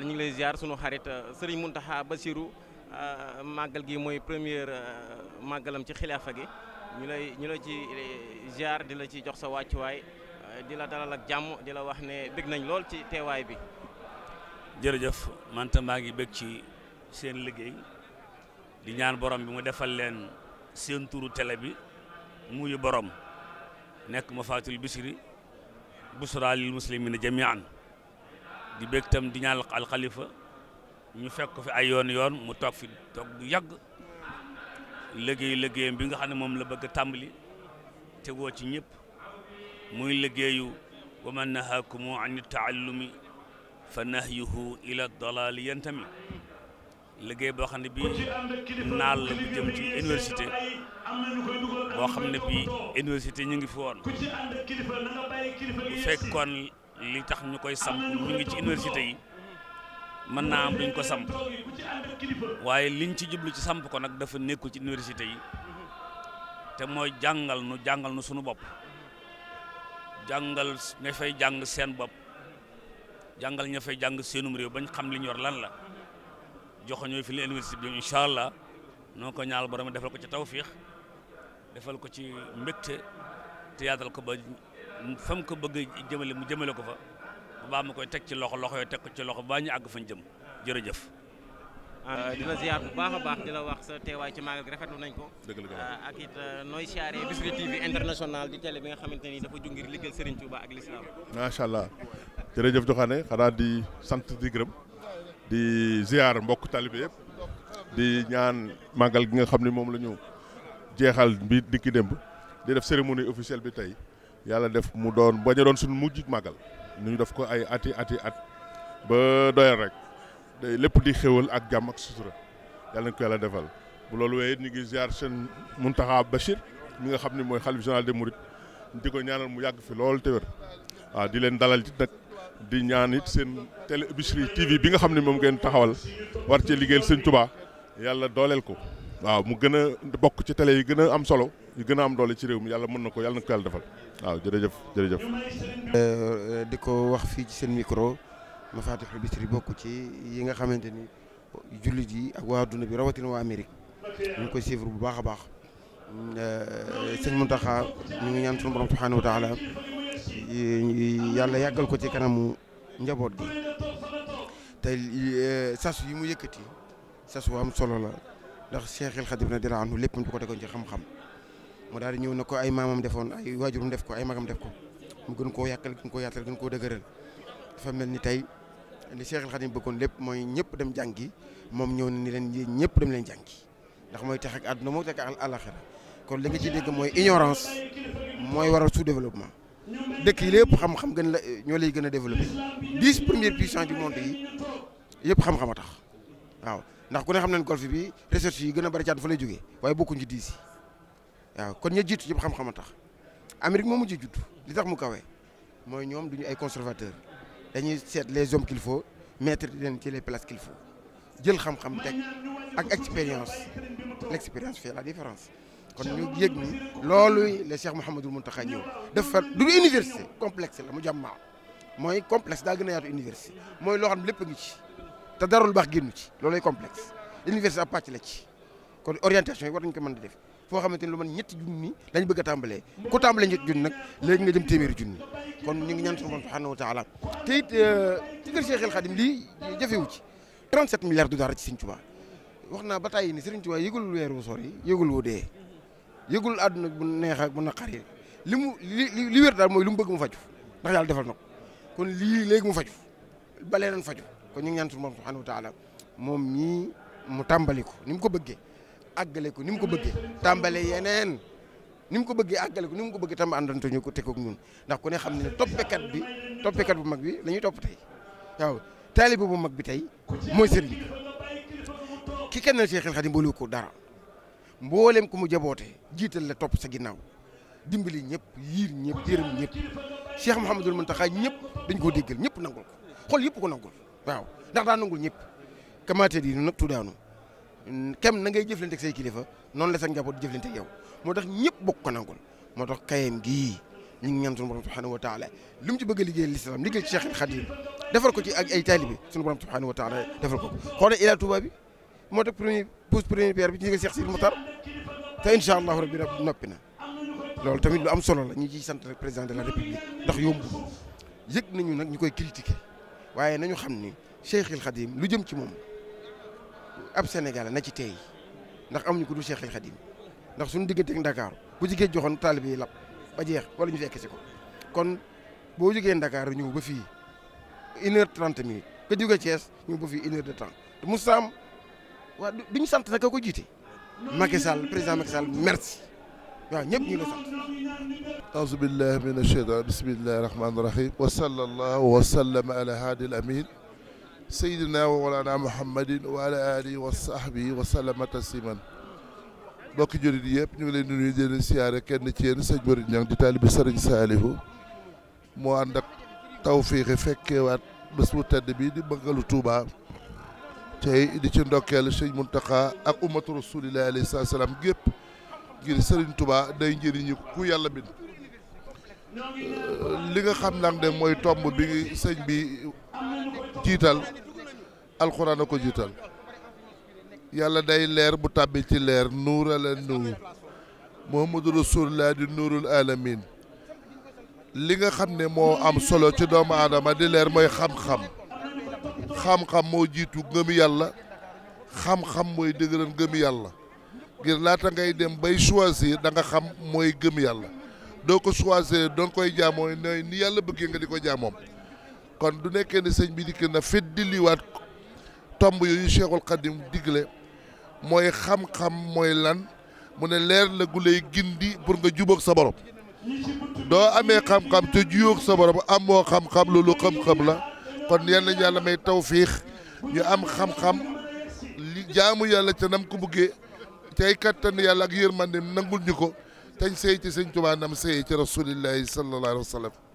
Fall ñu ngi lay ziar sunu xarit euh, Serigne Mountakha Bassirou euh, màggal gi mooy première euh, màggalam ci xilaafa gi ñu lay ñu la ci ziar di la ci jox sa wàccuwaay di la dalal ak jàmm di la wax ne bég nañ lool ci teewaay bi. jërëjëf man tam maa ngi bég ci seen liggéey di ñaan borom bi mu defal leen seen turu tele bi muyu borom nekk ma fatul bisiri busra lil muslimina jamian di bég tam di ñaan alxalifa ñu fekk fi ay yoon yoon mu toog fi toog bu yàgg léggéey liggéeyam bi nga xam ne moom la bëgg tàmbali te woo ci ñëpp muy liggéeyu wa man nahaakumu an taallumi fa nahyuhu ila dalaali yantami liggéey boo xam ne bii naal la bu ci université boo xam ne bii université ñu ngi fi woon bu fekkoon li tax ñu koy samp mu ngi ci université yi mën naa am duñ ko samp waaye liñ ci jublu ci samp ko nag dafa nekkul ci université yi te mooy jàngal nu jàngal nu sunu bopp jàngal ña fay jàng seen bopp jàngal ña fay jàng seenum réew bañ xam li yor lan la joxoñoo fi la université bi incha allah noo ko ñaal borom defal ko ci tawfiix defal ko ci mbégte te yaatal ko ba fa mu ko bëgg jëmale mu jëmale ko fa baa ma koy teg ci loxo loxo yoo teg ko ci loxo baa ñu àgg fañ jëm jërëjëf ah, di la ziar bu baax a baax di la wax sa teewaay ci maagal gi rafetlu nañ ko ah, ak it ah, nooy bi nga xamante ni dafa jungir liggéeyal Serigne Touba ak l'islam macha allah jërëjëf joxaane xanaa di sant di gërëm di ziar mbokk talibe yëpp di ñaan màggal gi nga xam ni moom la ñu jeexal bi dikki démb di def cérémonie officielle bi tey yàlla def mu doon bañ a doon suñu mujj màggal ñu def ko ay ati ati at ba doyal rek lépp di xéwal ak jàmm ak sutura yàlla nañ ko yàlla defal bu loolu wéyee ñu ngi ziar seen mun Muntaxa Bachir mi nga xam ne mooy xalif général des mourides di ko ñaanal mu yàgg fi lool te waaw di leen dalal ci nag di ñaan it seen télé Bichri TV bi nga xam ne moom ngeen taxawal war cee liggéeyal sëñ Touba yàlla dooleel ko waaw mu gën a bokk ci tele yi gën a am solo yu gën a am doole ci réew mi yàlla mën na ko yàlla na ko yàlla defal waaw jërëjëf jërëjëf. Euh, di ko wax fii ci seen micro Mafatihul Bichri bokk ci yi nga xamante ni jullit yi ak waa dund bi rawatin waa Amérique ñu ngi koy suivre bu baax a baax euh, sëñ Mountakha mu ngi ñaan sunu borom subhanahu wa taala yàlla yàggal ko ci kanamu njaboot gi te euh, sas yi mu yëkkati sas wu am solo la ndax Cheikh El Khadim na dira anhu lépp mu ko tegoon ci xam-xam. mu daal di ñëw na ko ay maamam defoon ay waajurum def ko ay magam def ko mu gën koo yàkkal gën koo yaatal gën koo dëgëral dafa mel ni tey li Cheikh El Khadim bëggoon lépp mooy ñëpp dem yi moom ñëw na ni leen yéen ñëpp dem leen jàngi ndax mooy tax ak àdduna moo tax ak àlaxira kon li nga ci mooy ignorance mooy waral développement dëkk lépp xam-xam gën la ñoo lay gën a développé dix premières puissances du monde yi yëpp xam-xam a tax waaw ndax ku ne xam nañ golf bi recherche yi gën a bari ci àdduna fa lay jógee waaye bokkuñ ci dix yi waaw kon ña jiitu yëpp xam-xam a tax Amérique moo mujj judd li tax mu kawee mooy ñoom duñu ay conservateur dañuy seet les hommes qu'il faut mettre leen ci les places qu'il faut jël xam-xam teg ak expérience l'expérience fait la différence kon ñu yëg ni loolu la Cheikh tax a ñëw def dafa du université complexe la mu jàmmaa mooy complexe daa gën a yaatu université mooy loo lépp a ngi ci te darul baax génnu ci loolay complexe université ab pàcc la ci kon orientation yi war nañ ko mën di def foo xamante ni lu man ñetti junni lañ bëgg a tàmbalee ku tàmbalee ñetti junni nag léegi nga jëm téeméeri junni kon ñu ngi ñaan suñu borom subhanahu wa taala te it euh, ci kër Cheikh El Khadim lii jafewu ci 37 milliards du dara ci Sëriñ Tuubaa wax naa ba tàyyi ni Sëriñ Tuubaa yëgul weer wu sori yëgul dee yëgul àdduna bu neex ak bu naqari li mu li li wér daal mooy li mu mu faju ndax yàlla defal na ko kon lii léegi mu faju balee nan faju kon ñu ngi ñaan suñu borom subhanahu moom mii mu tàmbali ko ni ko bëggee àggale ko ni mu ko bëggee tàmbale yeneen ni mu ko bëggee àggale ko ni mu ko bëggee tam àndantuñu ko tegoog ñun ndax ko ne xam ne toppekat bi toppekat bu mag bi lañuy ñuy topp tey waaw taalibe bu mag bi tey mooy sëriñ ki kennal Seexul Xadiim boolu ko dara mboolem ku mu jaboote jiital la topp sa ginnaaw dimbali ñëpp yiir ñëpp yërëm ñëpp Cheikh Mouhamadul Mountakha ñëpp dañ ko déggal ñëpp nangul ko xol yëpp ko nangul waaw ndax daa nangul ñëpp kamaate kem na ngay jëflante ak say kilifa noonu la sa njaboot di jëflante ak yow moo tax ñëpp bokk ko nangul moo tax kayam gii ñu ngi ñaan sunu borom subhanahu wa taala lu mu ci bëgg a liggéeyal lislaam liggéey ci Cheikh Khadim defal ko ci ak ay taalibe sunu borom subhanahu wa taala defal ko xoolal Ila Touba bi moo tax premier pose bi pierre bi ci Cheikh Sidi Moutar te incha allahu rabbi noppi na loolu tamit lu am solo la ñu ji sant rek président de la république ndox yombu yëg nañu nag ñu koy critiquer waaye nañu xam ni Cheikh Khadim lu jëm ci moom ab Sénégal na ci teey ndax amuñu ko du Cheikh El Khadim ndax suñu diggante ak Dakar bu ci géej joxoon taalib yi lab ba jeex wala ñu fekk si ko kon boo jógee Dakar ñëw ba fi une heure trente de temps te mu saam waa duñu sant nag ko jiite. Macky Sall président Macky Sall merci waaw ñëpp ñu ngi la sant. wa sallallahu wa sallama ala hadi amin sayyidina wa walana muhammadin wa ala alihi wa sahbihi wa sallama tasliman mbokki jullit yëpp ñu ngi leen di nuyu di siyaare kenn ci yenn sëñ Mori Ñang di taalibi sëriñ Saalihu moo ànd ak tawfiixi fekkeewaat bés bu tedd bi di bëggalu Touba tey di ci ndokkeel sëñ Muntaxa ak ummatu rasulillahi alayhi salaam gépp ngir sëriñ Touba day njëriñu ku yàlla bind li nga xam nag de mooy tomb bi sëñ bi jiital alxuraan a ko jiital yàlla day leer bu tàbbi ci leer nuur ala nuur muhammadu rasulullah di nuurul alamin li nga xam ne moo am solo ci doomu aadama di leer mooy xam-xam xam-xam moo jiitu ngëm yàlla xam-xam mooy dëgëral ngëm yàlla ngir laata ngay dem bay choisir da nga xam mooy gëm yàlla doo ko choisir doo koy jaamoo nooy ni yàlla bëggee nga di ko jaamoom kon du nekkee ne sëñ bi dikk na feddiliwaat tomb yooyu Cheikhul Khadim digle mooy xam-xam mooy lan mu ne leer la gu lay gindi pour nga jubóog sa borom doo amee xam-xam te juyóog sa borom amoo xam-xam loolu xam-xam la kon yal nañu yàlla may tawfiix yu am xam-xam li jaamu yàlla ca nam ko buggee tey kattan yàlla ak yërmandeem nangul ñu ko tañ sey ci sëñ Tuubaa nam sey ci rasulillahi sallallahu alayhi